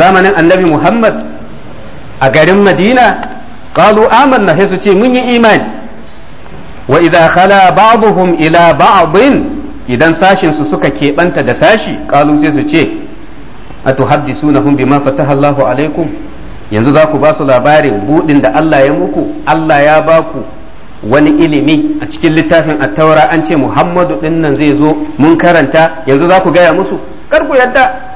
zamanin annabi muhammad a garin madina qalu amanna sai su ce mun yi imani wa idza khala ba'dhum ila ba'din idan sashin su suka keɓanta da sashi qalu sai su ce atuhaddisunahum bima fataha Allahu alaikum yanzu za ku ba su labarin budin da Allah ya muku Allah ya ba ku wani ilimi a cikin littafin attaura an ce Muhammadu dinnan zai zo mun karanta yanzu za ku gaya musu kar ku yadda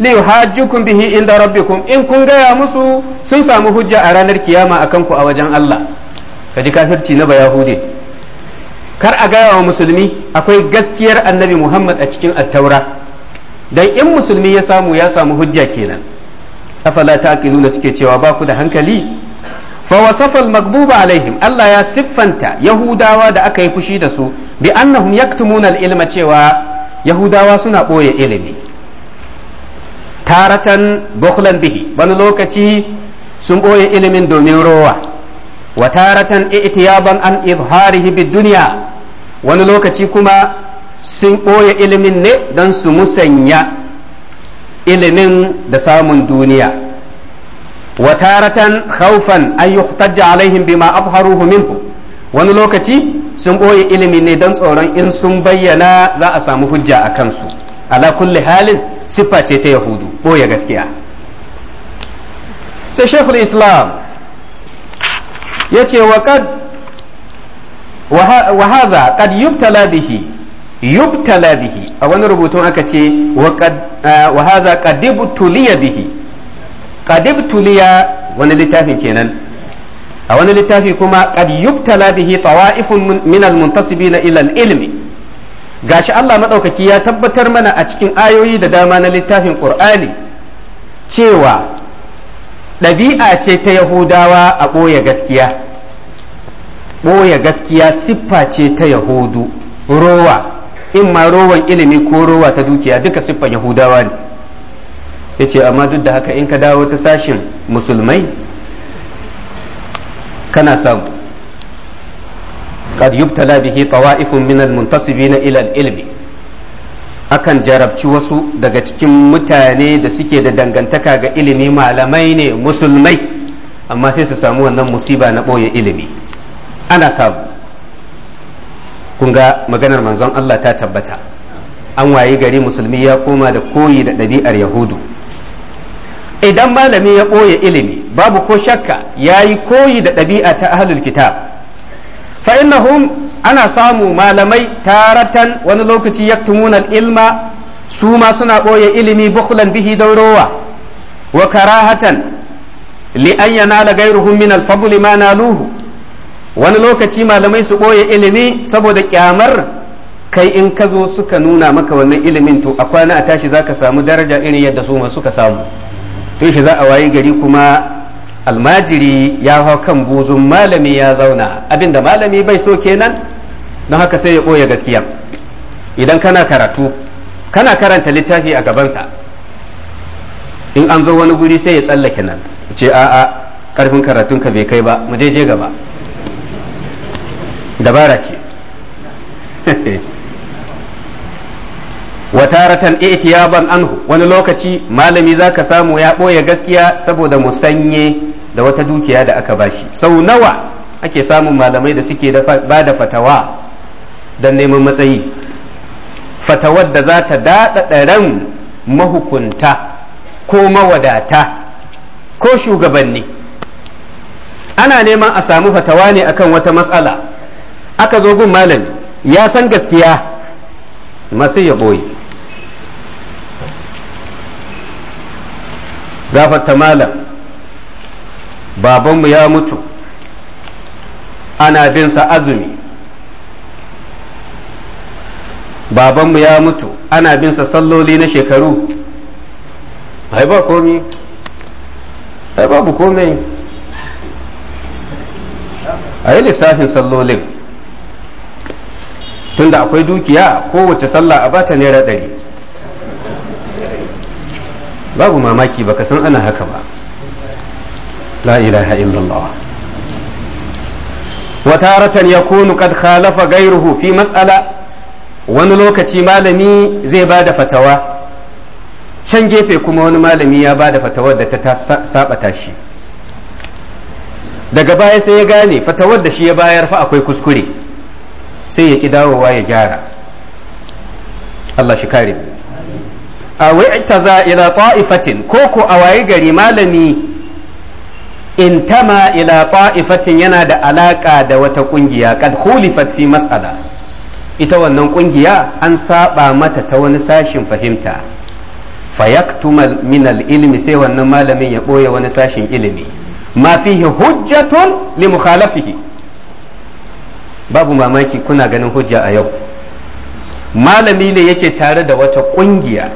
li yuhajjukum bihi inda rabbikum in kun gaya musu sun samu hujja a ranar kiyama akan ku a wajen Allah kaji kafirci na bayahude kar a gaya wa musulmi akwai gaskiyar annabi Muhammad a cikin attaura dan in musulmi ya samu ya samu hujja kenan afala taqiluna suke cewa ba ku da hankali fa wasafal maghduba alaihim Allah ya siffanta yahudawa da aka yi fushi da su bi annahum yaktumuna al-ilma cewa yahudawa suna boye ilimi taratan bukhlan bihi wani lokaci sun boye ilimin domin rowa wa taratan i'tiyaban an izharihi bid dunya wani lokaci kuma sun boye ilimin ne don su musanya ilimin da samun duniya wa taratan khawfan an yuhtajja alaihim bima azharuhu minhu wani lokaci sun ɓoye ilimi ne don tsoron in sun bayyana za a samu hujja a kansu ala kulli halin siffa ce ta yahudu ɓoye gaskiya sai shekul islam ya ce wa haza kad yubtala bihi yubtala bihi a wani rubutun aka ce wa haza kadibtuliya bihi kadibtuliya wani littafin kenan a wani littafi kuma kad yubtala bihi tawa'ifun min al-muntasibina ila ilmi gashi Allah maɗaukaki ya tabbatar mana a cikin ayoyi da dama na littafin ƙur'ani cewa ɗabi'a ce ta yahudawa a ɓoye gaskiya ɓoye gaskiya siffa ce ta yahudu rowa in ma rowan ilimi ko rowa ta dukiya duka siffan yahudawa ne ya ce amma duk da haka in ka dawo ta sashin musulmai kana samu قد يبتلى به طوائف من المنتسبين الى العلم akan jarabci wasu daga cikin mutane da suke da dangantaka ga ilimi malamai ne musulmai amma sai su samu wannan musiba na ɓoye ilimi ana samu kun ga maganar manzon Allah ta tabbata an wayi gari musulmi ya koma da koyi da ɗabi'ar yahudu idan malami ya ɓoye ilimi babu ko shakka ya yi koyi da ɗabi'a ta ahlul kitab fa innahum ana samu malamai taratan wani lokaci yaktumuna ilma su ma suna ɓoye ilimi bukhlan bihi daurowa wa karahatan li an yanala gairuhum min al wani lokaci malamai su ɓoye ilimi saboda kyamar kai in ka zo suka nuna maka wannan ilimin to a kwana a tashi zaka samu daraja irin yadda su ma suka samu to shi za a wayi gari kuma almajiri ya hau kan buzun malami ya zauna abinda malami bai so kenan don haka sai ya ɓoye gaskiya idan kana karatu kana karanta littafi a gabansa in an zo wani guri sai ya tsallake nan ce a'a karfin karatunka bai kai ba mu je gaba dabara ce taratan itiyaban anhu wani lokaci malami zaka samu ya ɓoye gaskiya saboda musanye da wata dukiya da aka bashi sau nawa ake samun malamai da suke ba da fatawa don neman matsayi fatawar da za ta daɗaɗa ran mahukunta ko mawadata ko shugabanni ana neman a samu fatawa ne akan wata matsala aka zo gun malami ya san gaskiya masu ya ɓoye gafarta malam babanmu ya mutu ana bin sa azumi babanmu ya mutu ana bin sa salloli na shekaru ai ba komi ai babu komai a yi lissafin sallolin tunda akwai dukiya kowace sallah a bata naira ɗari babu mamaki baka san ana haka ba la ilaha illallah wa taratan yakunu qad khalafa ghayruhu fi mas'ala wani lokaci malami zai ba da fatawa can gefe kuma wani malami ya ba da fatawar da ta sabata shi daga baya sai ya gane fatawar da shi ya bayar fa akwai kuskure sai ya ki dawowa ya gyara Allah shi kare a wai ta za ila ta'ifatin ko ko a waye gari malami In intama ila ta'ifatin yana da alaka da wata kungiya kad khulifat fi mas'ala ita wannan kungiya an saba mata ta wani sashin fahimta fayaktumal min ilmi sai wannan malamin ya boye wani sashin ilimi ma fihi hujjatun li mukhalafihi babu mamaki kuna ganin hujja a yau malami ne yake tare da wata kungiya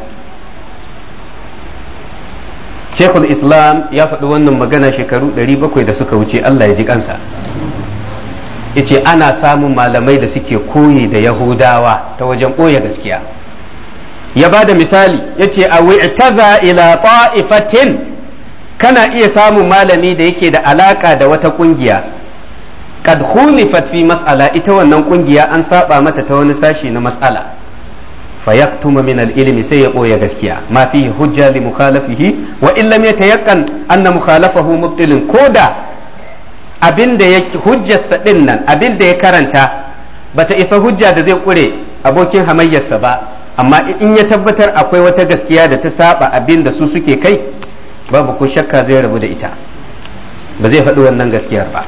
shekul islam ya faɗi wannan magana shekaru ɗari 700 da suka wuce allah ya ji kansa ya ce ana samun malamai da suke koyi da yahudawa ta wajen ɓoye gaskiya ya ba da misali ya ce a wi'taza ila ta'ifatin kana iya samun malami da yake da alaka da wata kungiya kad khulifat fi mas'ala ita wannan kungiya an saba mata ta wani sashi na matsala. fayaktuma min al-ilmi sai ya boye gaskiya ma fihi hujja li mukhalafihi wa in lam yatayaqqan anna mukhalafahu mubtilin koda abinda yake hujjarsa din nan abinda ya karanta bata isa hujja da zai kure abokin hamayyarsa ba amma in ya tabbatar akwai wata gaskiya da ta saba abinda su suke kai babu ko shakka zai rabu da ita ba zai faɗi wannan gaskiyar ba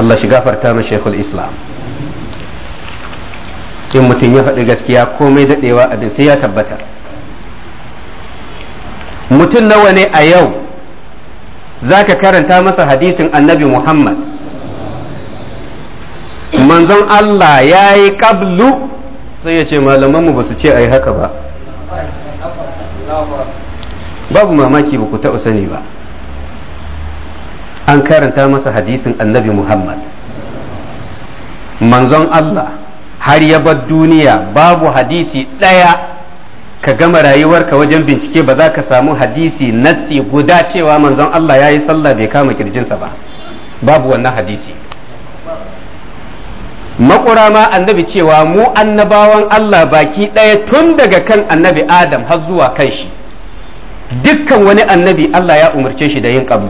Allah shi gafarta ma Shaykhul Islam in mutum ya faɗi gaskiya komai daɗewa abin sai ya tabbata mutum nawa ne a yau za ka karanta masa hadisin annabi muhammad manzon allah ya yi ƙablu sai ya ce malamanmu ba su ce a yi haka ba babu mamaki ba ku taɓa sani ba an karanta masa hadisin annabi muhammad manzon allah har ya bar duniya babu hadisi ɗaya ka gama rayuwarka wajen bincike ba za ka samu hadisi nassi guda cewa manzon Allah ya yi sallah bai kama kirjinsa ba babu wannan hadisi makura ma annabi cewa mu annabawan Allah baki ɗaya tun daga kan annabi Adam har zuwa kan shi dukkan wani annabi Allah ya umarce shi da yin ƙabu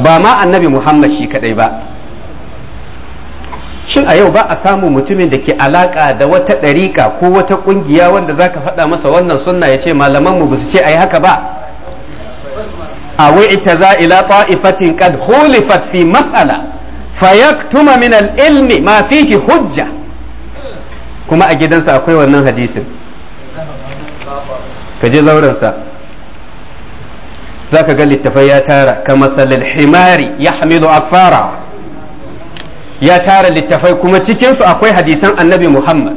ba ma annabi Muhammad shi kaɗai ba shin a yau ba a samu mutumin da ke alaka da wata ɗariƙa ko wata ƙungiya wanda za ka faɗa masa wannan sunna ya ce malamanmu ba su ce a yi haka ba a ita za ila ta'ifatin kad hulifat fi mas'ala fayaktuma min al-ilmi ma fihi hujja kuma a gidansa akwai wannan hadisin ka je zaurensa za ka ga littafai ya tara ka salil himari ya hamilu asfara ya tara littafai kuma cikinsu akwai hadisan annabi muhammad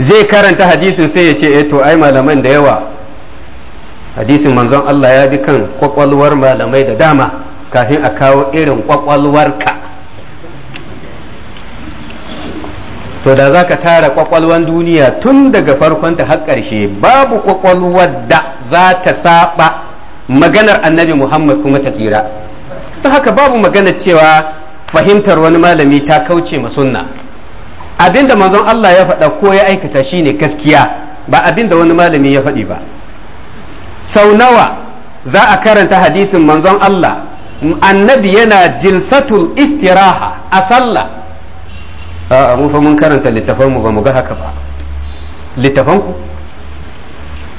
zai karanta hadisin sai ya ce eh to ai malaman da yawa hadisin manzon Allah ya bi kan kwakwalwar malamai da dama kafin a kawo irin kwakwalwarka to da za ka tara kwakwalwan duniya tun daga farkonta har ƙarshe babu kwakwalwar da za ta saba maganar annabi muhammad kuma ta tsira ta haka babu magana cewa fahimtar wani malami ta kauce ma sunna abinda manzon Allah ya faɗa ko ya aikata shi ne gaskiya ba abinda wani malami ya faɗi ba sau nawa za a karanta hadisin manzon Allah annabi yana jilsatul istiraha a sallah a mu fa mun karanta littafanmu ba mu ga haka ba littafanku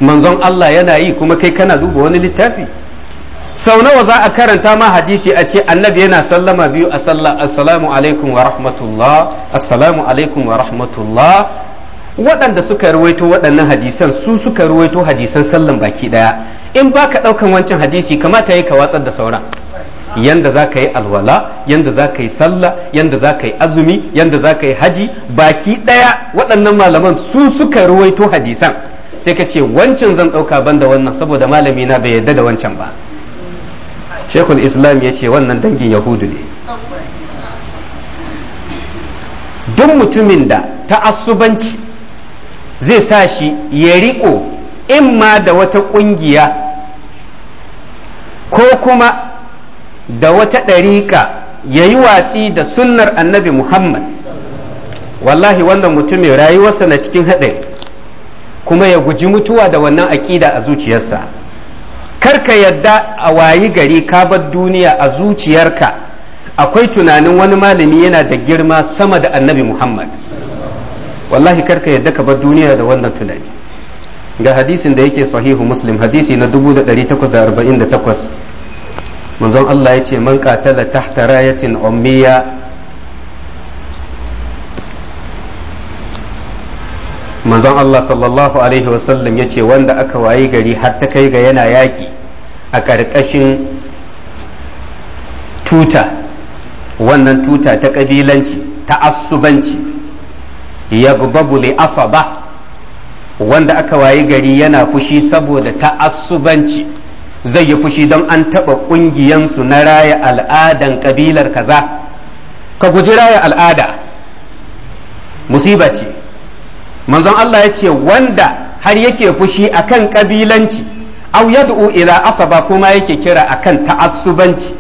manzon Allah yana yi kuma kai kana duba wani littafi sau nawa za a karanta ma hadisi a ce annabi yana sallama biyu a sallah assalamu alaikum wa rahmatullah assalamu alaikum wa rahmatullah waɗanda suka ruwaito waɗannan hadisan su suka ruwaito hadisan sallan baki ɗaya in ba ka ɗaukan wancan hadisi kamata ya ka watsar da sauran yanda za ka yi alwala yanda za ka yi sallah yanda za ka yi azumi yanda za ka yi haji baki ɗaya waɗannan malaman su suka ruwaito hadisan sai ka ce wancan zan ɗauka banda wannan saboda malami na bai yarda da wancan ba shekul islam ya ce wannan dangin yahudu ne duk mutumin da ta'assubanci zai sa shi ya riko imma da wata ƙungiya ko kuma da wata ɗariƙa ya yi watsi da sunnar annabi muhammad wallahi wannan mutumin rayuwarsa na cikin haɗari kuma ya guji mutuwa da wannan aƙida a zuciyarsa karka yadda a wayi gari ka bar duniya a zuciyarka akwai tunanin wani malami yana da girma sama da annabi muhammad wallahi karka yadda ka bar duniya da wannan tunani ga hadisin da yake sahihu muslim hadisi na 1848 manzon allah ya ce man katala tahta rayatin ummiya manzon Allah sallallahu alaihi wasallam ya ce wanda aka wayi gari har ta kai ga yana yaƙi a ƙarƙashin tuta wannan tuta ta ƙabilanci ta asubanci ya li asaba wanda aka wayi gari yana fushi saboda ta asubanci zai yi fushi don an taɓa ƙungiyansu na raya al'adan ƙabilar kaza ka guji raya al'ada musiba ce manzon Allah ya ce wanda har yake fushi akan kabilanci au yad'u ila asaba kuma yake kira akan ta'assubanci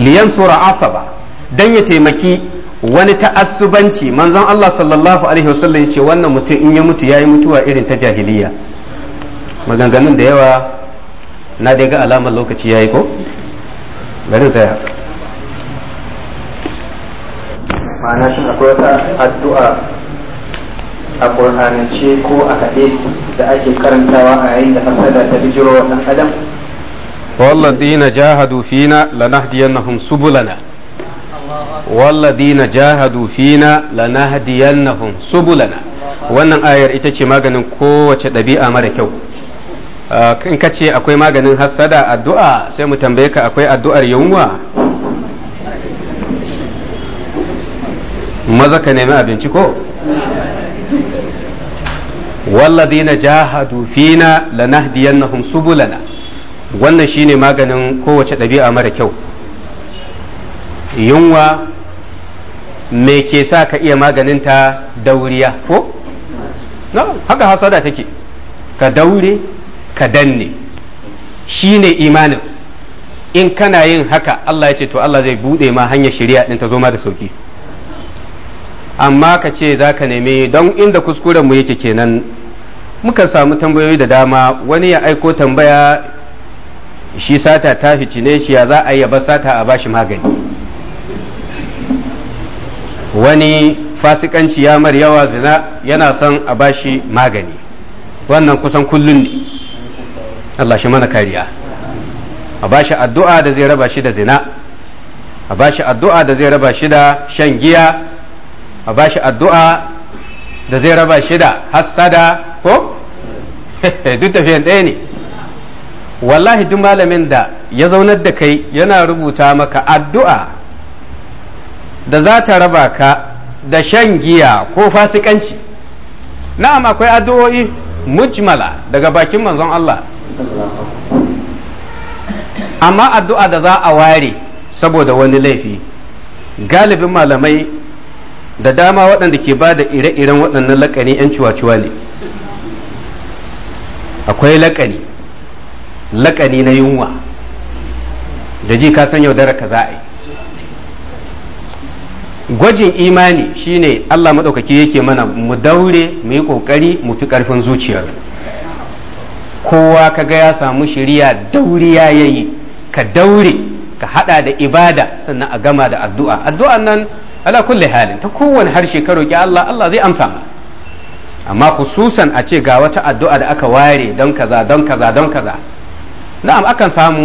liyan sura asaba dan ya taimaki wani ta'assubanci manzon Allah sallallahu alaihi wasallam ya ce wannan mutum in ya mutu yayi mutuwa irin ta jahiliya maganganun da yawa na dai ga alamar lokaci yayi ko bari tsaya ma'ana shin akwai wata addu'a a ƙur'anance ko a haɗe da ake karantawa a yayin da hasada ta bijiro wa ɗan adam والذين جاهدوا فينا لنهدينهم سبلنا والذين جاهدوا فينا لنهدينهم سبلنا wannan ayar ita ce maganin kowace ɗabi'a mara kyau ah, in ka ce akwai maganin hassada addu'a sai mu tambaye ka akwai addu'ar yunwa maza ka nemi abinci ko walladina jahadu fina lanahdiyannahum subulana wannan shine maganin kowace ɗabi'a mara kyau yunwa me ke sa ka iya maganin ta dauriya ko na haka hasada take ka daure ka danne shine imanin in kana yin haka Allah ya ce to Allah zai buɗe ma hanyar shari'a ɗin ta zo ma da sauki amma ka ce za ka nemi don inda kuskurenmu mu yake kenan muka samu tambayoyi da dama wani ya aiko tambaya shi sata ta ne shi ya za a yi ba sata a bashi magani wani fasikanci ya mar yawa zina yana son a bashi magani wannan kusan kullum ne Allah shi mana kariya a bashi addu'a da zai raba shi da zina a bashi addu'a da zai raba shi da shan giya a bashi addu'a da zai raba shi da hassada ko duk tafiyan ɗaya ne wallahi duk malamin da ya zaunar da kai yana rubuta maka addu'a da za ta raba ka da shan giya ko fasikanci na'am akwai addu'o'i mujmala daga bakin manzon Allah amma addu'a da za a ware saboda wani laifi galibin malamai da dama waɗanda ke ba da ire-iren waɗannan laƙani 'yan ciwa-ciwa ne akwai lakani lakani na yunwa da ji ka san yaudara ka za yi gwajin imani shine Allah maɗaukaki yake mana mu daure mu yi ƙoƙari mu fi ƙarfin zuciyar kowa ka ga ya samu shirya dauriya ya yayi ka daure ka hada da ibada sannan a gama da addu'a addu'an nan ala kulli halin ta kowane harshe ka roƙi Allah Allah zai amsa ma amma hususan a ce ga wata addu'a da aka ware don kaza don kaza don kaza na'am akan samu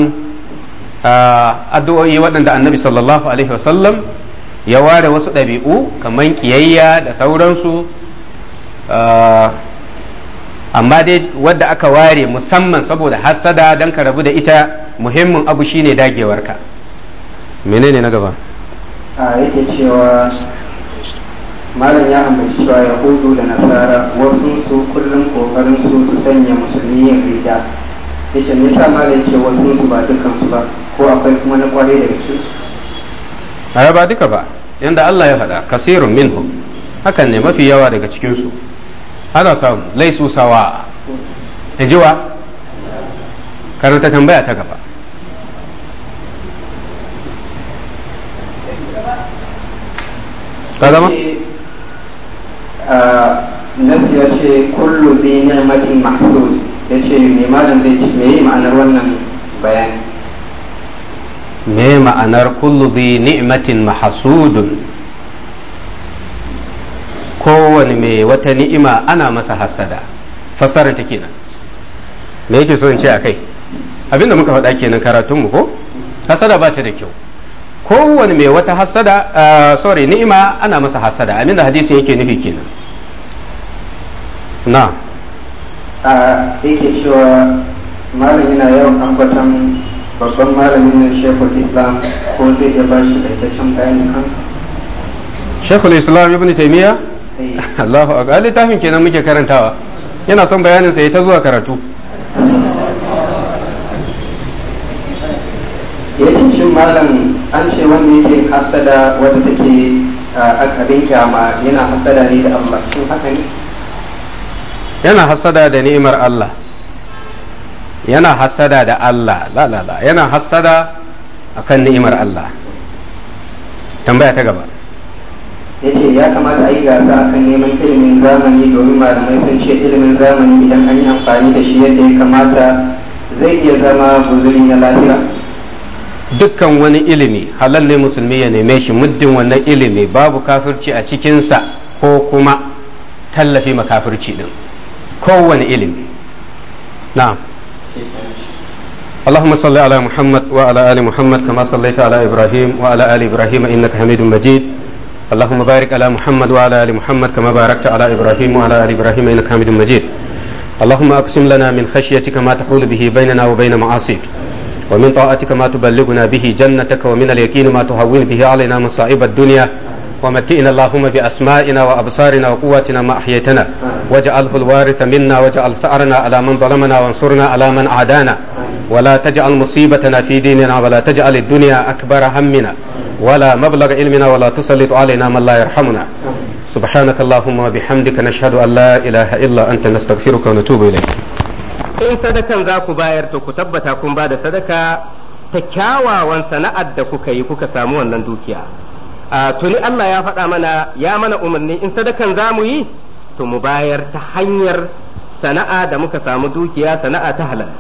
ah, addu'o'i waɗanda annabi sallallahu alaihi wasallam ya ware wasu ɗabi'u kamar ƙiyayya da sauransu ah, amma dai wadda aka ware musamman saboda hassada don ka rabu da ita muhimmin abu shine dagewarka menene na gaba a ah, yake cewa malam ya ambaci cewa yahudu da nasara wasu su kullum kokarin su su sanya musulmi yin rida ce me sa malam ce wasu su ba dukkan su ba ko akwai kuma na kwarai daga cikin su ba duka ba yanda Allah ya faɗa kasirun minhu hakan ne mafi yawa daga cikin su ana samu laisu sawa ta jiwa karanta tambaya ta gaba ka zama? nasu ya ce kullu bi ni'matin mahsul ya ce me malam zai ce me ma'anar wannan bayani me ma'anar kullu bi ni'matin mahsul kowane mai wata ni'ima ana masa hasada fassarar ta kenan me yake so in ce a kai abinda muka faɗa kenan karatunmu ko hasada ba ta da kyau kowane mai wata hasada sorry ni'ima ana masa hasada abinda hadisin yake nufi kenan na a yake cewa na yau an ambatan babban malamin na shekul islam ko zai iya ba shi taitaccen bayanin kansa shekul islam ibn taimiyya eh. allahu akbar littafin kenan muke karantawa yana son bayanin ya ta zuwa karatu ya ce cin malam an ce wanda yake hasada wadda take abin kyama yana hasada ne da allah shi haka ne yana hasada da ni'imar Allah yana hasada da Allah la la la yana hasada akan ni'imar Allah tambaya ta gaba yace ya kamata a yi gasa akan neman ilimin zamani domin malamai sun ce ilimin zamani idan an yi amfani da shi yadda ya kamata zai iya zama guzuri na lahira dukkan wani ilimi halal ne musulmi ya neme shi muddin wannan ilimi babu kafirci a cikinsa ko kuma tallafi makafirci din kowane ilimi na'am اللهم صل على محمد وعلى آل محمد كما صليت على إبراهيم وعلى آل إبراهيم إنك حميد مجيد اللهم بارك على محمد وعلى آل محمد كما باركت على إبراهيم وعلى آل إبراهيم إنك حميد مجيد اللهم أقسم لنا من خشيتك ما تحول به بيننا وبين معاصيك ومن طاعتك ما تبلغنا به جنتك ومن اليقين ما تهون به علينا مصائب الدنيا ومتئنا اللهم بأسمائنا وأبصارنا وقواتنا ما أحييتنا واجعله الوارث منا واجعل سأرنا على من ظلمنا وانصرنا على من عادانا ولا تجعل مصيبتنا في ديننا ولا تجعل الدنيا أكبر همنا ولا مبلغ علمنا ولا تسلط علينا من لا يرحمنا سبحانك اللهم وبحمدك نشهد أن لا إله إلا أنت نستغفرك ونتوب إليك in sadakan za ku bayar to ku tabbata kun ba da sadaka ta kyawawan sana'ar da kuka yi kuka samu wannan dukiya a tuni Allah ya faɗa mana ya mana umarni in sadakan za mu yi to mu bayar ta hanyar sana'a da muka samu dukiya sana'a ta halal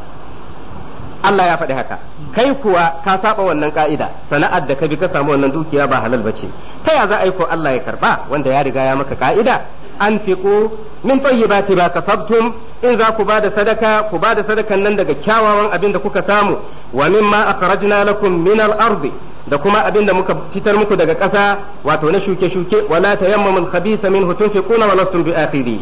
Allah ya faɗi haka kai kuwa ka saba wannan ka'ida sana'ar da ka bi ka samu wannan dukiya ba halal bace ta ya za a yi ko Allah ya karba wanda ya riga ya maka ka'ida An anfiqu min tayyibati ba kasabtum in za ku bada sadaka ku ba da sadakan nan daga kyawawan abin da kuka samu wa a akhrajna lakum min al-ardi da kuma abin da muka fitar muku daga ƙasa wato na shuke-shuke wala ta yamma tayammamul khabisa minhu tunfiquna wa lastum bi'akhiri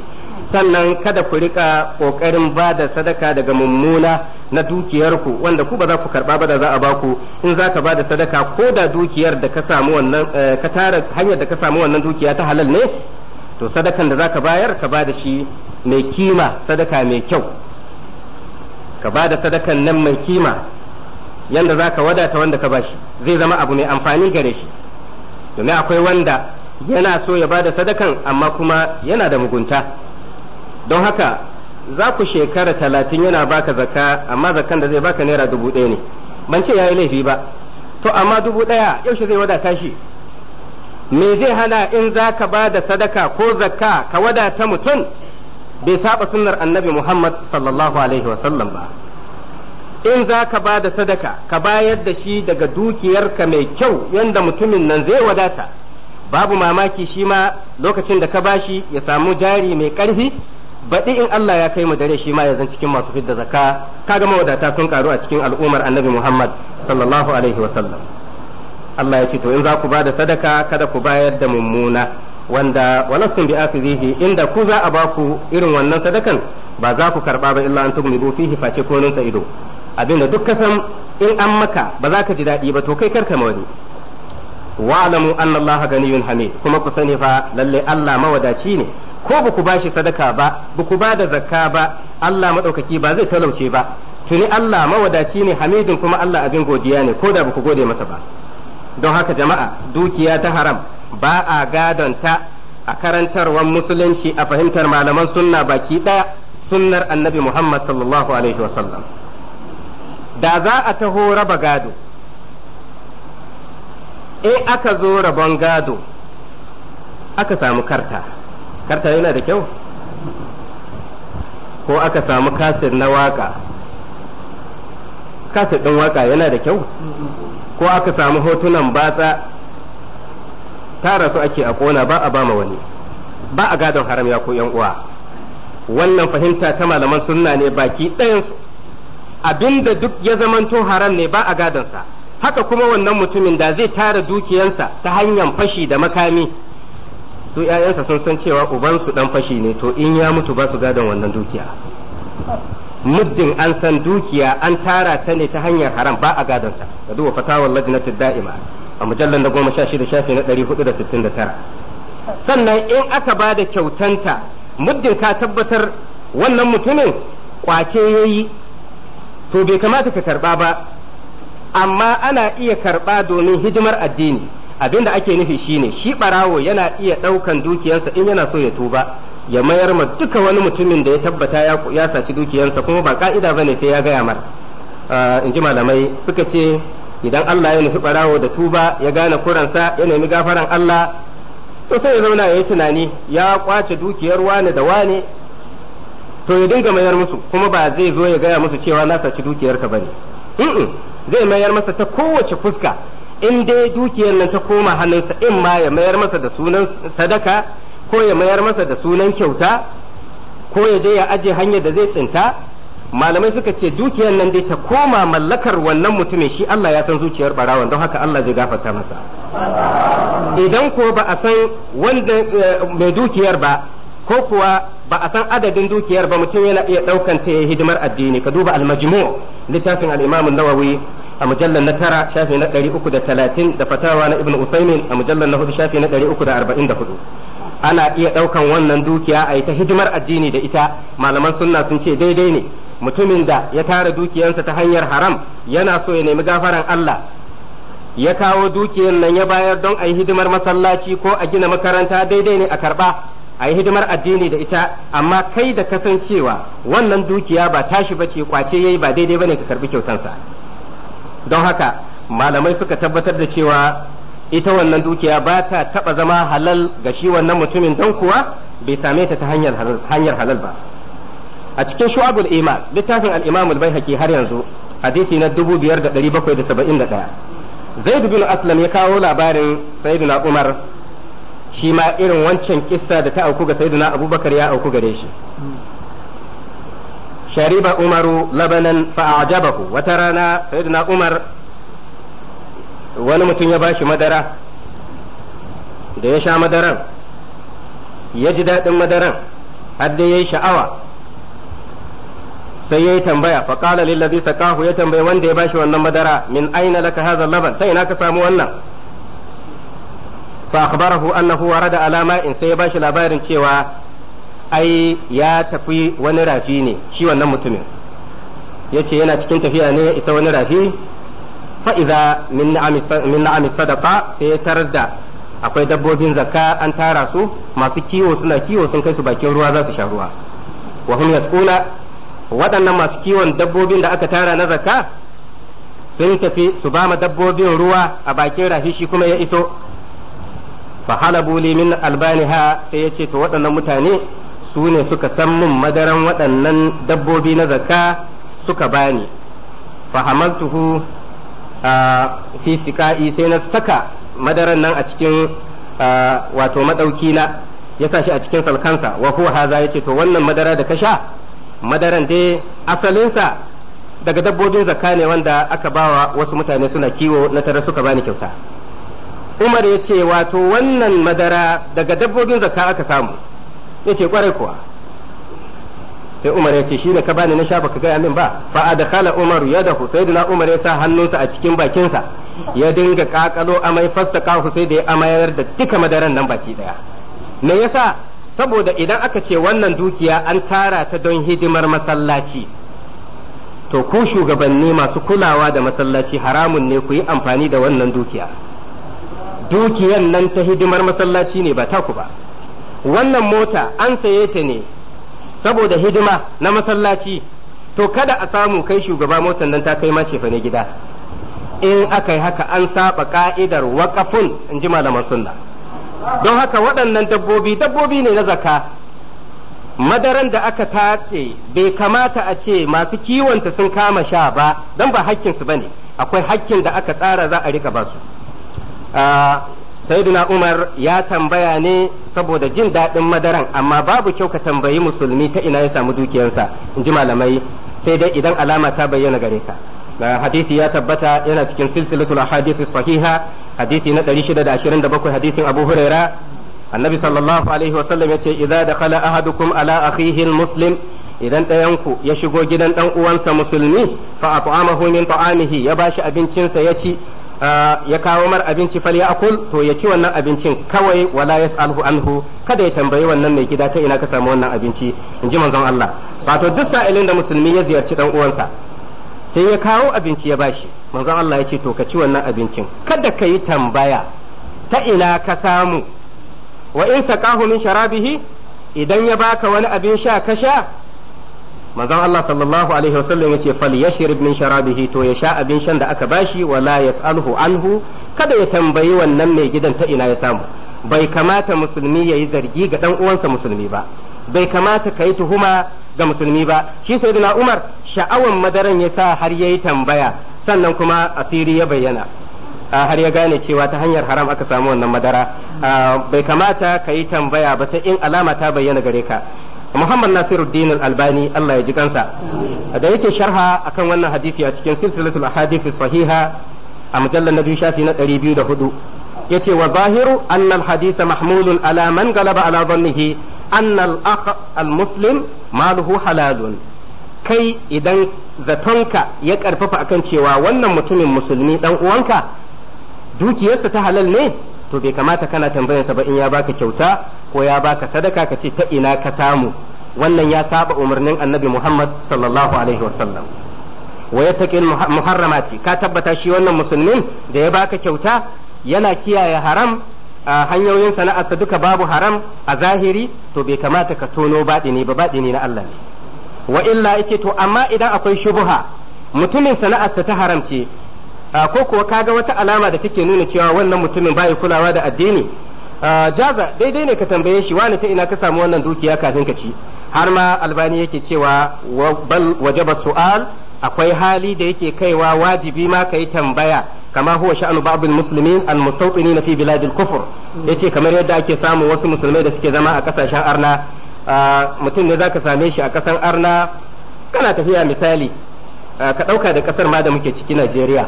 sannan kada ku rika kokarin ba da sadaka daga mummuna na dukiyarku wanda ku ba za ku karba ba da za a ba ku in za ka ba da sadaka ko da dukiyar da ka samu wannan eh, ka tara hanyar da ka samu wannan dukiya ta halal ne to sadakan da za ka bayar ka ba da shi mai kima sadaka mai kyau ka ba da sadakan nan mai kima yanda za ka wadata wanda ka bashi zai zama abu mai amfani gare shi domin akwai wanda yana so ya bada sadakan amma kuma yana da mugunta don haka za ku shekara talatin yana baka zaka amma zakan da zai baka naira dubu ɗaya ne ban ce ya yi laifi ba to amma dubu ɗaya yaushe zai wadata shi me zai hana in za ka ba da sadaka ko zakka ka wadata mutum bai saba sunnar annabi muhammad sallallahu alaihi wasallam ba in za ka ba da sadaka ka bayar da shi daga dukiyarka mai kyau yadda mutumin nan zai wadata babu mamaki shi ma lokacin da ka ba shi ya samu jari mai ƙarfi baɗi in Allah ya kai mu dare shi ma ya yanzu cikin masu fidda ka gama wadata sun karu a cikin al'ummar annabi Muhammad sallallahu alaihi wasallam Allah ya ce to in za ku ba da sadaka kada ku bayar da mummuna wanda walastum bi akhizihi inda ku za a ba ku irin wannan sadakan ba za ku karba ba illa an tugmidu fihi face ko sa ido Abin da duk ka san in an maka ba za ka ji daɗi ba to kai karka ma wani wa'lamu anna allaha ganiyun hamid kuma ku sani fa lalle Allah mawadaci ne ko ba ku bashi sadaka ba ba ku bada zakka ba Allah maɗaukaki ba zai talauce ba tuni Allah mawadaci ne hamidin kuma Allah abin godiya ne ko da ba ku gode masa ba don haka jama'a dukiya ta haram ba a gadon ta a karantarwar musulunci a fahimtar malaman sunna baki ɗaya sunnar annabi Muhammad sallallahu alaihi wasallam da za a taho raba gado in aka zo rabon gado aka samu karta karta yana da kyau ko aka samu kasir na waka kasir ɗin waka yana da kyau ko aka samu hotunan batsa tara su ake a kona ba a ba ma wani ba a gadon haram ya ko uwa wannan fahimta ta malaman sunna ne baki ɗayansu abinda duk ya zamanto haram ne ba a gadonsa haka kuma wannan mutumin da zai tara dukiyansa ta hanyar fashi da makami su ‘ya'yansa sun san cewa ubansu dan fashi ne to in ya mutu ba su gadon wannan dukiya muddin an san dukiya an tara ta ne ta hanyar haram ba a gadonta da duwa fatawar lajinatul da'ima a mujallar da goma sha shida shafi na ɗari hudu da sittin da tara sannan in aka ba da kyautanta muddin ka tabbatar wannan mutumin kwace ya yi to bai kamata ka karɓa ba amma ana iya karɓa domin hidimar addini abin da ake nufi shine shi barawo yana iya ɗaukan dukiyarsa in yana so ya tuba ya mayar ma duka wani mutumin da ya tabbata ya ya saci dukiyarsa kuma ba ka'ida ba ne sai ya gaya mar ah, in ji malamai suka ce idan Allah ya nufi barawo da tuba ya gane kuransa ya nemi gafaran Allah to sai ya zauna ya yi tunani ya kwace dukiyar wani da wani. to ya dinga mayar musu kuma ba zai zo ya gaya musu cewa na saci dukiyarka bane in zai mayar masa ta kowace fuska in dai dukiyar nan ta koma hannunsa in ma ya mayar masa da sunan sadaka ko ya mayar masa da sunan kyauta ko ya je ya aje hanyar da zai tsinta malamai suka ce dukiyar nan dai ta koma mallakar wannan mutumin shi Allah ya san zuciyar barawan don haka Allah zai gafarta masa idan ko ba a san wanda eh, mai dukiyar ba ko kuwa ba a san adadin dukiyar ba mutum yana iya daukan ta hidimar addini ka duba al-majmu littafin al-imam an-nawawi a mujallar na tara shafi na 330 da fatawa na ibn usaimin a mujallar na hudu shafi na 344 ana iya daukan wannan dukiya a yi ta hidimar addini da ita malaman sunna sun ce daidai ne mutumin da ya tara dukiyansa ta hanyar haram yana so ya nemi gafaran Allah ya kawo dukiyar nan ya bayar don a yi hidimar masallaci ko a gina makaranta daidai ne a karɓa. a yi hidimar addini da ita amma kai da kasancewa wannan dukiya ba tashi bace kwace yayi ba daidai bane ka karbi kyautansa don haka malamai suka tabbatar da cewa ita wannan dukiya ba ta taba zama halal ga shi wannan mutumin don kuwa bai same ta ta hanyar halal ba a cikin shu'abul iman littafin al-imam al-baihaqi har yanzu hadisi na 5771 zaid bin aslam ya kawo labarin sayyidina umar shi ma irin wancan kissa da ta auku ga sayyidina abubakar ya auku gare shi shariba umaru labanan fa'ajabahu wata rana sayyidina umar wani mutum ya bashi madara da ya sha madaran ya ji daɗin madaran har da ya yi sha'awa sai ya yi tambaya faƙala lillazi sakahu ya tambaya wanda ya bashi wannan madara min aina laka hadha laban sai ina ka samu wannan fa akhbarahu annahu warada alama in sai ya bashi labarin cewa ai ya tafi wani rafi ne shi wannan mutumin yace yana cikin tafiya ne ya isa wani rafi fa idza min na'ami sadaqa sai ya da akwai dabbobin zakka an tara su masu kiwo suna kiwo sun kai su bakin ruwa za su sha ruwa wa hum yasquna waɗannan masu kiwon dabbobin da aka tara na zakka sun tafi su ba ma dabbobin ruwa a bakin rafi shi kuma ya iso fa halabu li min albaniha sai yace to waɗannan mutane su ne suka san min madaran waɗannan dabbobi na zakka suka bani fa hamaltuhu fi sai na saka madaran nan a cikin wato madauki na ya sa shi a cikin salkansa wa huwa haza yace to wannan madara da kasha madaran dai asalinsa daga dabbobin zakka ne wanda aka bawa wasu mutane suna kiwo na tare suka bani kyauta umar ya ce wato wannan madara daga dabbobin zakka aka samu ya ce kwarai kuwa sai umar ya ce shi da ka bani na sha baka gaya min ba fa adkhala umar da na umar ya sa hannunsa a cikin bakinsa ya dinga kakalo amai fastaqahu sai da ya amayar da duka madaran nan baki daya me yasa saboda idan aka ce wannan dukiya an tara ta don hidimar masallaci to ku shugabanni masu kulawa da masallaci haramun ne ku yi amfani da wannan dukiya dukiyar nan ta hidimar masallaci ne ba taku ba wannan mota an saye ta ne saboda hidima na masallaci to kada a samu kai shugaba motar nan ta kai mace fa ne gida in aka yi haka an saba ka'idar waƙafun in ji malaman sunna don haka waɗannan dabbobi dabbobi ne na zaka madaran da aka tace bai kamata a ce masu kiwonta sun kama sha ba don ba hakkinsu ba ne akwai hakkin da aka tsara za a rika basu. na umar ya tambaya ne saboda jin daɗin madaran amma babu kyau ka tambayi musulmi ta ina ya samu dukiyarsa in ji malamai sai dai idan alama ta bayyana gare ka hadisi ya tabbata yana cikin silsilatul ahadith sahiha hadisi na 627 hadisin abu huraira annabi sallallahu alaihi wa sallam yace idza dakhala ahadukum ala akhihi muslim idan ɗayanku ya shigo gidan ɗan uwansa musulmi fa at'amahu min ta'amihi ya bashi abincinsa ya ci ya kawo mar abinci fal ya akul to ya ci wannan abincin kawai wala yasalhu anhu kada ya tambayi wannan mai gida ta ina ka samu wannan abinci in ji manzon Allah wato duk sa'ilin da musulmi ya ziyarci dan uwansa sai ya kawo abinci ya bashi manzon Allah ya ce to ka ci wannan abincin kada ka yi tambaya ta ina ka samu wa in saqahu min sharabihi idan ya baka wani abin sha ka sha manzon Allah sallallahu alaihi wasallam yace fal yashrib min sharabihi to ya sha abin shan da aka bashi wala yasalhu anhu kada ya tambayi wannan mai gidan ta ina ya samu bai kamata musulmi yayi zargi ga dan uwansa musulmi ba bai kamata kai tuhuma ga musulmi ba shi sai sayyidina Umar sha'awan madaran ya sa har yayi tambaya sannan kuma asiri ya bayyana har ya gane cewa ta hanyar haram aka samu wannan madara bai kamata ka tambaya ba sai in alama ta bayyana gare ka Muhammad Nasiruddin Al-Albani Allah ya ji kansa da yake sharha akan wannan hadisi a cikin silsilatul ahadith sahiha a mujallal na shafi na 204 yace wa zahiru anna al-hadith mahmulun ala man galaba ala dhannihi anna al al-muslim maluhu halalun kai idan zatonka ya karfafa akan cewa wannan mutumin musulmi dan uwanka dukiyarsa ta halal ne to bai kamata kana tambayarsa ba in ya baka kyauta ko ya baka sadaka ka ce ta ina ka samu wannan ya saba umarnin annabi Muhammad sallallahu alaihi wasallam wa yattaqil muharramati ka tabbata shi wannan musulmin da ya baka kyauta yana kiyaye haram a hanyoyin sana'arsa duka babu haram a zahiri to bai kamata ka tono ne ba ne na Allah ne wa illa yace to amma idan akwai shubuha mutumin sana'arsa ta haramce ce ko kuwa kaga wata alama da take nuna cewa wannan mutumin bai kulawa da addini Ah, jaza daidai ne ka tambaye shi wani ta ina ka samu wannan dukiya kafin ka ci har ma albani yake cewa bal wajaba su'al akwai hali da yake kaiwa wajibi ma kai tambaya kama huwa sha'anu ba'd muslimin al-mustawtinin fi bilad al-kufr yace kamar yadda ake samu wasu musulmai da suke zama a kasashen arna ah, mutum ne zaka same shi a kasan arna kana tafiya misali ah, ka dauka da kasar ma da muke ciki Najeriya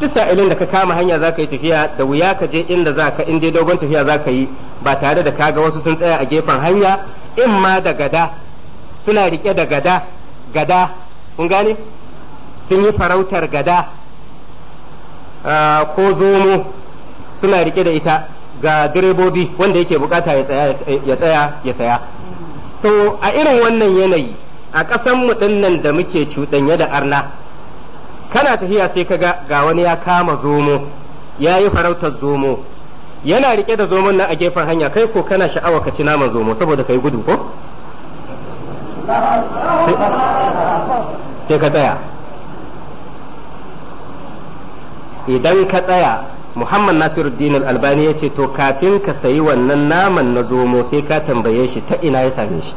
duk sa'ilin da ka kama hanya za ka yi tafiya da wuya ka je inda za ka inda dogon tafiya za ka yi ba tare da kaga wasu sun tsaya a gefen hanya in ma da gada suna rike da gada gada kun gane sun yi farautar gada ko zomo suna rike da ita ga direbobi wanda yake bukata ya tsaya ya tsaya saya to a irin wannan yanayi a ƙasan mu nan da muke cuɗanye da arna kana tafiya sai ka ga wani ya kama zomo ya yi farautar zomo yana rike da zomon nan a gefen hanya kai ko kana sha'awa ka ci naman zomo saboda kai gudu ko sai ka tsaya idan ka tsaya muhammad nasiruddin albani ya ce to kafin ka sayi wannan naman na zomo sai ka tambaye shi ta ina ya same shi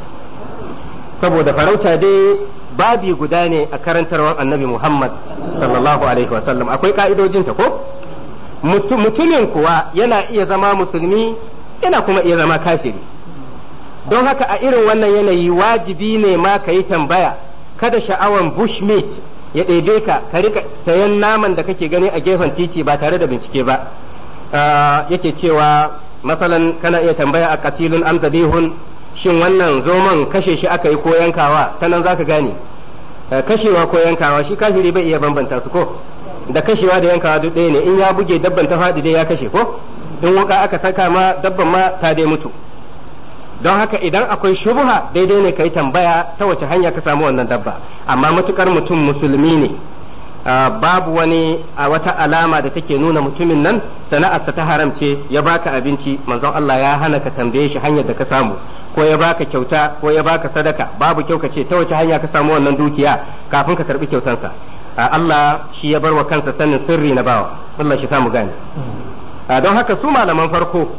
saboda farauta dai babi guda ne a karantarwar annabi Muhammad sallallahu alaihi wasallam akwai ta ko mutumin kuwa yana iya zama musulmi yana kuma iya zama kafiri don haka a irin wannan yanayi wajibi ne ma ka yi tambaya kada sha'awan Bush bushmeat ya ɗebe ka ka rika sayan naman da kake gani a gefen titi ba tare da bincike ba ah, yake cewa masalan kana iya tambaya a katilun bihun. shin wannan zoman kashe shi aka yi ko yankawa ta nan za ka gane eh, kashewa ko yankawa shi kafiri bai iya bambanta su ko da kashewa da yankawa duk ɗaya ne in ya buge dabban ta faɗi dai ya kashe ko in wuka aka saka ma dabban ma ta dai mutu don haka idan akwai shubha daidai ne ka yi tambaya ta wace hanya ka samu wannan dabba amma matukar mutum musulmi ne eh, babu wani a wata alama da take nuna mutumin nan sana'arsa ta haramce ya baka abinci manzon Allah ya hana ka tambaye shi hanyar da ka samu ko ya baka kyauta ko ya baka sadaka babu kyau ka ce ta wace hanya ka samu wannan dukiya kafin ka karbi kyautansa Allah shi ya bar wa kansa sanin sirri na bawa Allah shi samu gane don haka su malaman farko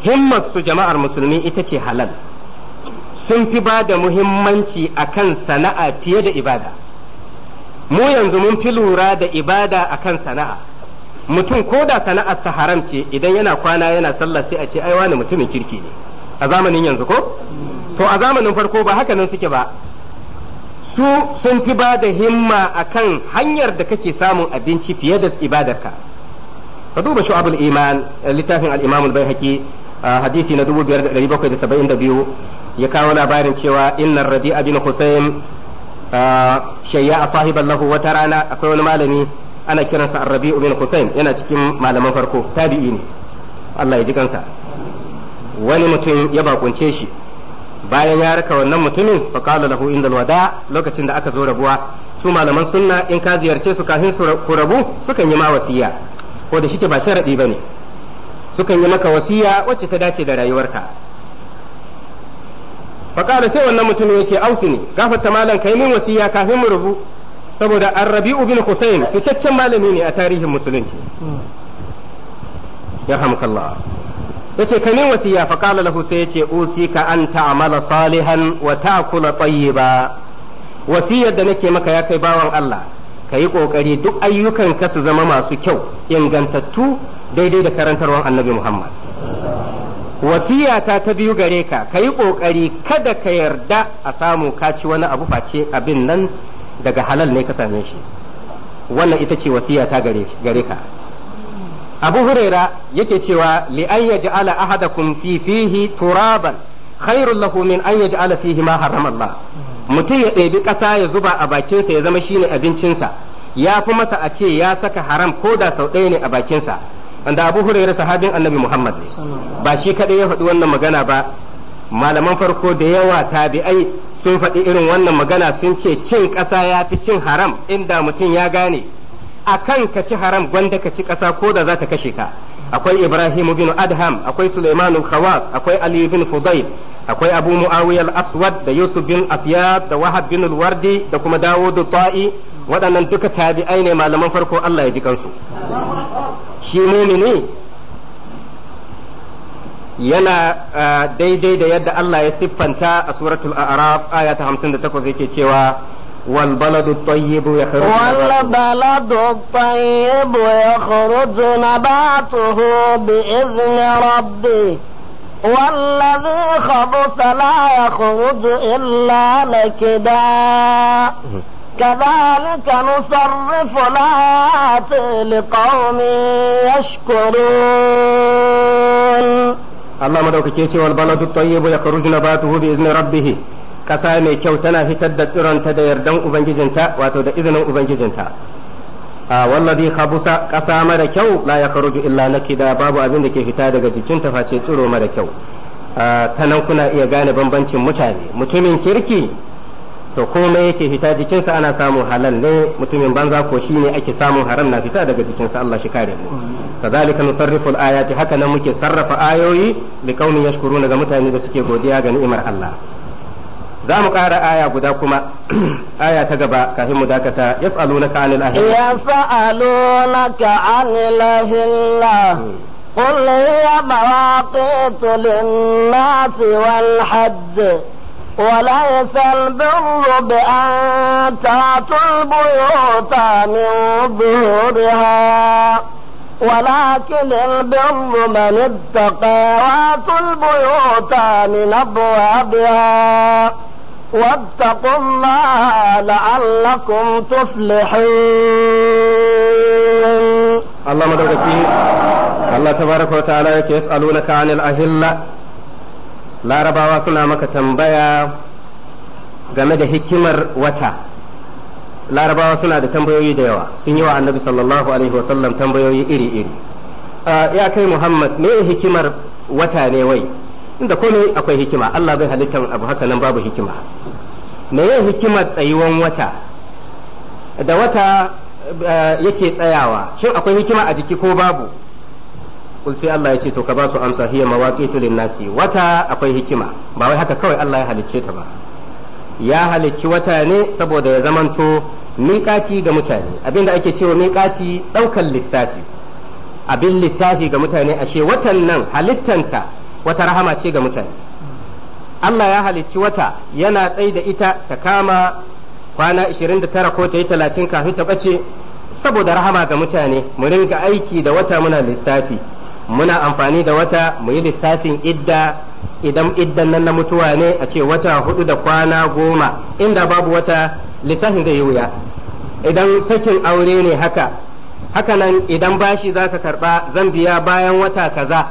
himmar su jama'ar musulmi ita ce halal sun fi ba da muhimmanci akan sana'a fiye da ibada mu yanzu mun fi lura da ibada akan sana'a mutum ko da sana'arsa haram ce idan yana kwana yana sallah sai a ce ai wani mutumin kirki ne a zamanin yanzu ko to a zamanin farko ba haka nan suke ba su sun fi ba da himma akan hanyar da kake samun abinci fiye da ibadarka ka duba abul iman littafin al-imamul baihaqi hadisi na biyu ya kawo labarin cewa inna rabi'a bin husayn shayya a sahiban lahu wata rana akwai wani malami ana kiransa ar-rabi'u bin husayn yana cikin malaman farko tabi'i ne Allah ya ji kansa wani mutum ya bakunce shi bayan ya raka wannan mutumin fa qala lahu inda wada lokacin da aka zo rabuwa su malaman sunna in ka ziyarce su kafin su ku rabu sukan yi ma wasiya ko da shike ba sharadi bane sukan yi maka wasiya wacce ta dace da rayuwarka fa qala sai wannan mutumin yace ausini gafarta malam kai min wasiya kafin mu rabu saboda arrabi'u rabiu bin Husayn fitaccen malami ne a tarihin musulunci hmm. ya hamkallah yace kai min wasiya fa qala lahu sai yace usika an ta'mala salihan wa ta'kula tayyiba wasiyar da nake maka ya kai bawan Allah kayi kokari duk ayyukan ka su zama masu kyau ingantattu daidai da karantarwar Annabi Muhammad wasiyata ta biyu gare ka kayi kokari kada ka yarda a samu ka ci wani abu face abin nan daga halal ne ka same shi wannan ita ce wasiyata gare ka abu huraira yake cewa li an yaj'ala ahadakum fi fihi turaban khairul lahu min an yaj'ala fihi ma harrama Allah mutum ya ɗebi ƙasa ya zuba a bakinsa ya zama shine abincinsa ya fi masa a ce ya saka haram ko da sau ɗaya ne a bakinsa wanda abu huraira sahabin annabi muhammad ba shi kaɗai ya faɗi wannan magana ba malaman farko da yawa tabi'ai sun faɗi irin wannan magana sun ce cin ƙasa ya fi cin haram inda mutum ya gane akan ka ci haram gwanda ka ci ƙasa ko da za ta kashe ka akwai Ibrahim bin Adham akwai Sulaiman khawas akwai Ali bin Fudayl akwai Abu Muawiya al-Aswad da Yusuf bin Asyad da Wahab bin al-Wardi da kuma Dawud tai waɗannan duka tabi'ai ne malaman farko Allah ya ji kansu shi mumini yana ah, daidai da yadda Allah ya siffanta a suratul a'raf aya ta 58 yake cewa والبلد الطيب يخرج والبلد الطيب يخرج نباته بإذن ربه والذي خبث لا يخرج إلا نكدا كذلك نصرف الآيات لقوم يشكرون الله مدوك تيتي والبلد الطيب يخرج نباته بإذن ربه ƙasa mai kyau tana fitar da tsironta da yardan ubangijinta wato da izinin ubangijinta a wallazi khabusa ƙasa mara kyau la ya karuju illa nakida babu abin da ke fita daga jikinta face tsiro mara kyau ta nan kuna iya gane bambancin mutane mutumin kirki to komai yake fita jikinsa ana samun halal ne mutumin banza ko shi ne ake samun haram na fita daga jikinsa Allah shi kare mu kazalika nusarrifu al-ayati haka nan muke sarrafa ayoyi kauni yashkuruna ga mutane da suke godiya ga ni'imar Allah za mu آية aya guda kuma aya ta gaba kafin mu dakata ya tsalo na ya قل هي مواقيت للناس والحج وليس البر بأن تأتوا البيوت من ظهورها ولكن البر من اتقى واتوا البيوت من أبوابها واتقوا الله لعلكم تفلحون الله مدوكي الله تبارك وتعالى يسألونك عن الأهلة لا ربا واسنا مكة تنبيا game da hikimar wata larabawa suna da tambayoyi da yawa sun yi wa annabi sallallahu alaihi wasallam tambayoyi iri-iri ya kai muhammad me hikimar wata ne wai inda komai akwai hikima Allah bai halittar abu haka nan babu hikima me yin hikimar tsayuwan wata da wata eh, yake tsayawa shin akwai hikima a jiki ko babu kun sai Allah ya ce to ka ba su amsa hiya mawaqitu nasi wata akwai hikima ba wai haka kawai Allah ya halicce ta ba ya halicci wata ne saboda ya zamanto miƙati ga mutane abinda ake cewa miƙati ɗaukan lissafi abin lissafi ga mutane ashe watan nan halittanta wata rahama ce ga mutane Allah ya halicci wata yana tsai da ita ta kama kwana 29 ko ta yi 30 kafin ta bace saboda rahama ga mutane mu ringa aiki da wata muna lissafi muna amfani da wata mu yi lissafin idda idan iddan nan na mutuwa ne a ce wata hudu da kwana goma inda babu wata lissafin zai yi wuya idan sakin aure ne haka haka nan idan bashi za ka karba zan biya bayan wata kaza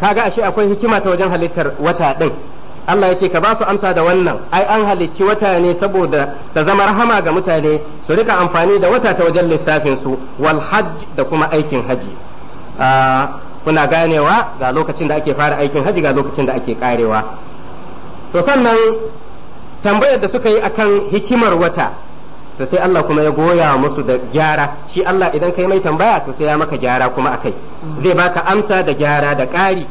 kaga ashe akwai hikima ta wajen halittar wata din Allah ya ce ka ba su amsa da wannan ai an halicci wata ne saboda ta zama rahama ga mutane su rika amfani da wata ta wajen lissafin su wal hajj da kuma aikin haji ah, kuna ganewa ga lokacin da ake fara aikin haji ga lokacin da ake karewa to sannan tambayar da suka yi akan hikimar wata to sai Allah kuma ya goya musu da gyara shi Allah idan kai mai tambaya to sai ya maka gyara kuma akai zai baka amsa da gyara da ƙari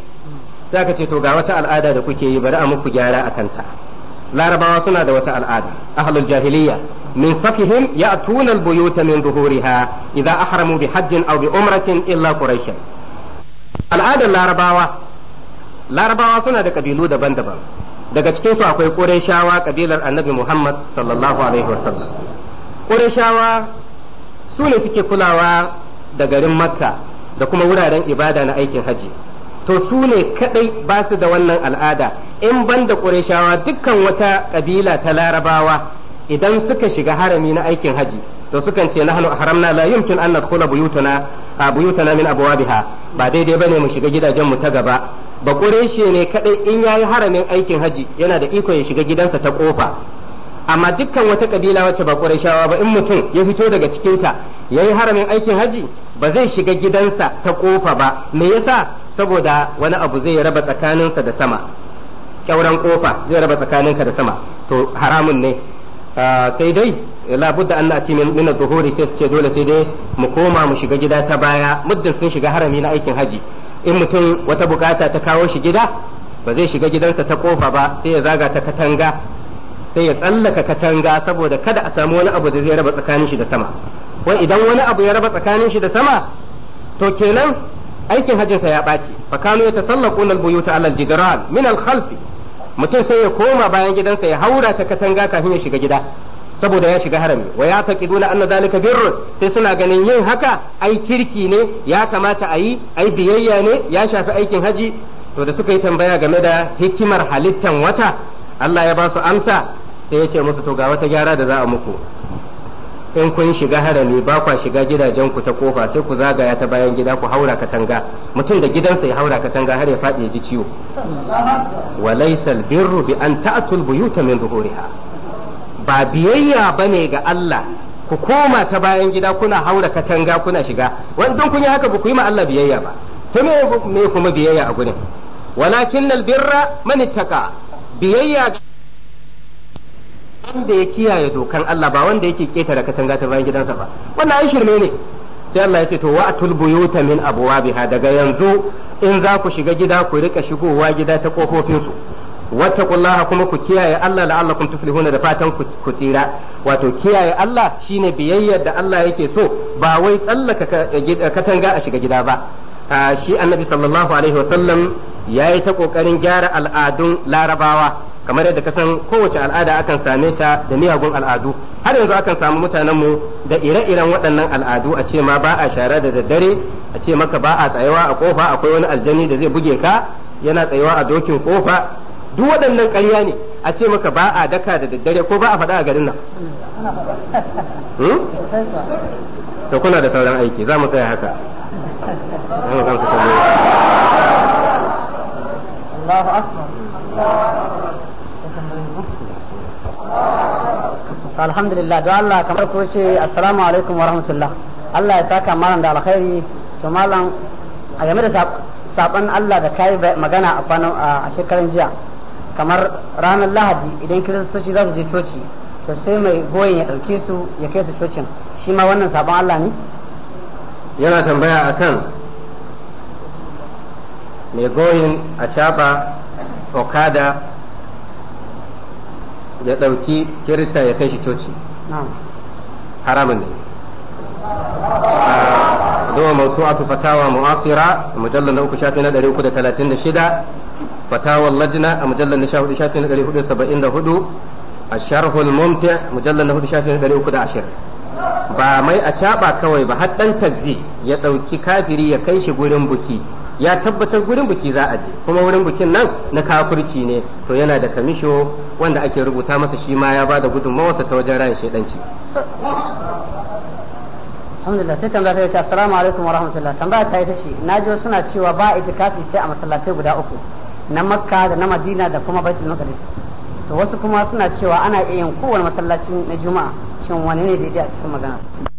sai aka ce to ga wata al'ada da kuke yi bari a muku gyara a kanta larabawa suna da wata al'ada ahlul jahiliya min safihim ya'tuna al-buyuta min zuhuriha idza ahramu bi hajjin aw bi umratin illa quraish al'adar larabawa larabawa suna da kabilu daban-daban daga cikin su akwai qurayshawa kabilar annabi muhammad sallallahu alaihi wasallam qurayshawa su ne suke kulawa da garin makka da kuma wuraren ibada na aikin hajji to su ne kadai ba su da wannan al'ada in banda ƙureshawa dukkan wata ƙabila ta larabawa idan suka shiga harami na aikin haji to sukan ce nahnu haramna la yumkin an nadkhula buyutana buyutana min abwabiha ba daidai bane mu shiga gidajen mu ta gaba ba ƙureshe ne kadai in yayi haramin aikin haji yana da iko ya shiga gidansa ta kofa amma dukkan wata ƙabila wacce ba ƙureshawa ba in mutum ya fito daga cikinta yi haramin aikin haji ba zai shiga gidansa ta kofa ba me yasa saboda wani abu zai raba tsakaninsa da sama kyauran kofa zai raba tsakaninka da sama to haramun ne ah, sai dai labudda an na'ti min min zuhuri sai su ce dole sai dai mu koma mu shiga gida ta baya muddin sun shiga harami na aikin haji in mutum wata bukata ta kawo shi gida ba zai shiga gidansa ta kofa ba sai ya zaga ta katanga sai ya tsallaka katanga saboda kada a samu wani abu da zai raba tsakanin shi da sama wai idan wani abu ya raba tsakanin shi da sama to kenan aikin hajjinsa ya ɓaci fa kanu ya tasallaquna al-buyuta ala al-jidran min alkhalfi mutum sai ya koma bayan gidansa ya haura ta katanga kafin ya shiga gida saboda ya shiga harami wa ya taqiduna anna dalika birrun sai suna ganin yin haka ai kirki ne ya kamata ayi ai biyayya ne ya shafi aikin haji to da suka yi tambaya game da hikimar halittan wata Allah ya ba su amsa sai ya ce musu to ga wata gyara da za a muku in kun shiga harami ba kwa shiga gidajen ku ta kofa sai ku zagaya ta bayan gida ku haura katanga mutum da gidansa ya haura katanga har ya faɗi ya ji ciwo wa laysal birru bi an ta'tul buyuta min zuhuriha ba biyayya bane ga Allah ku koma ta bayan gida kuna haura katanga kuna shiga wannan kun yi haka ba ku yi ma Allah biyayya ba to me me kuma biyayya a gurin walakin albirra man ittaka biyayya wanda ya kiyaye dokan Allah ba wanda yake ketare katanga ta bayan gidansa ba wannan ai shirme ne sai Allah ya ce to wa'atul buyuta min abwabiha daga yanzu in za ku shiga gida ku rika shigowa gida ta kofofin su wattaqullaha kuma ku kiyaye Allah la'allakum tuflihuna da fatan ku tsira wato kiyaye Allah shine biyayyar da Allah yake so ba wai tsallaka eh, katanga a shiga gida ba ah, shi annabi sallallahu alaihi wasallam yayi ta kokarin gyara al'adun larabawa kamar yadda ka san kowace al'ada akan same ta da miyagun al'adu har yanzu akan samu mutanen mu da ire-iren waɗannan al'adu a ce ma ba a shara da daddare a ce maka ba a tsayawa a kofa akwai wani aljani da zai buge ka yana tsayawa a dokin kofa duk waɗannan ƙarya ne a ce maka ba a daka da daddare ko ba a faɗa a garin nan hmm? to kuna da sauran aiki za mu tsaya haka Allahu akbar alhamdulillah don Allah kamar ko ce assalamu alaikum wa rahmatullah Allah ya saka malam da alkhairi to malam a game da saban Allah da kai magana a kwanan a shekaran jiya kamar ranar lahadi idan kiristoci za su je coci to sai mai goyin ya ɗauke su ya kai su cocin shi ma wannan saban Allah ne yana tambaya a kan mai goyin a okada ya ɗauki kirista ya kai shi coci haramun ne zuwa mawsu'atu fatawa mu'asira a mujallar na uku shafi na ɗari uku da talatin da shida fatawar lajina a mujallar na shafi shafi na ɗari hudu saba'in da hudu a sharhul mumti mujallar na hudu shafi na ɗari uku da ashirin ba mai a caɓa kawai ba har ɗan tagzi ya ɗauki kafiri ya kai shi gurin buki ya tabbatar gurin biki za a je kuma wurin bikin nan na kafirci ne to yana da kamisho wanda ake rubuta masa shi ma ya ba da mawasa ta wajen rayin shaidanci alhamdulillah sai tambaya ta ce assalamu alaikum wa rahmatullah tambaya ta ita na ji suna cewa ba itikafi sai a masallatai guda uku na makka da na madina da kuma baitul maqdis to wasu kuma suna cewa ana iya yin kowane masallaci na juma'a shin wani ne daidai a cikin magana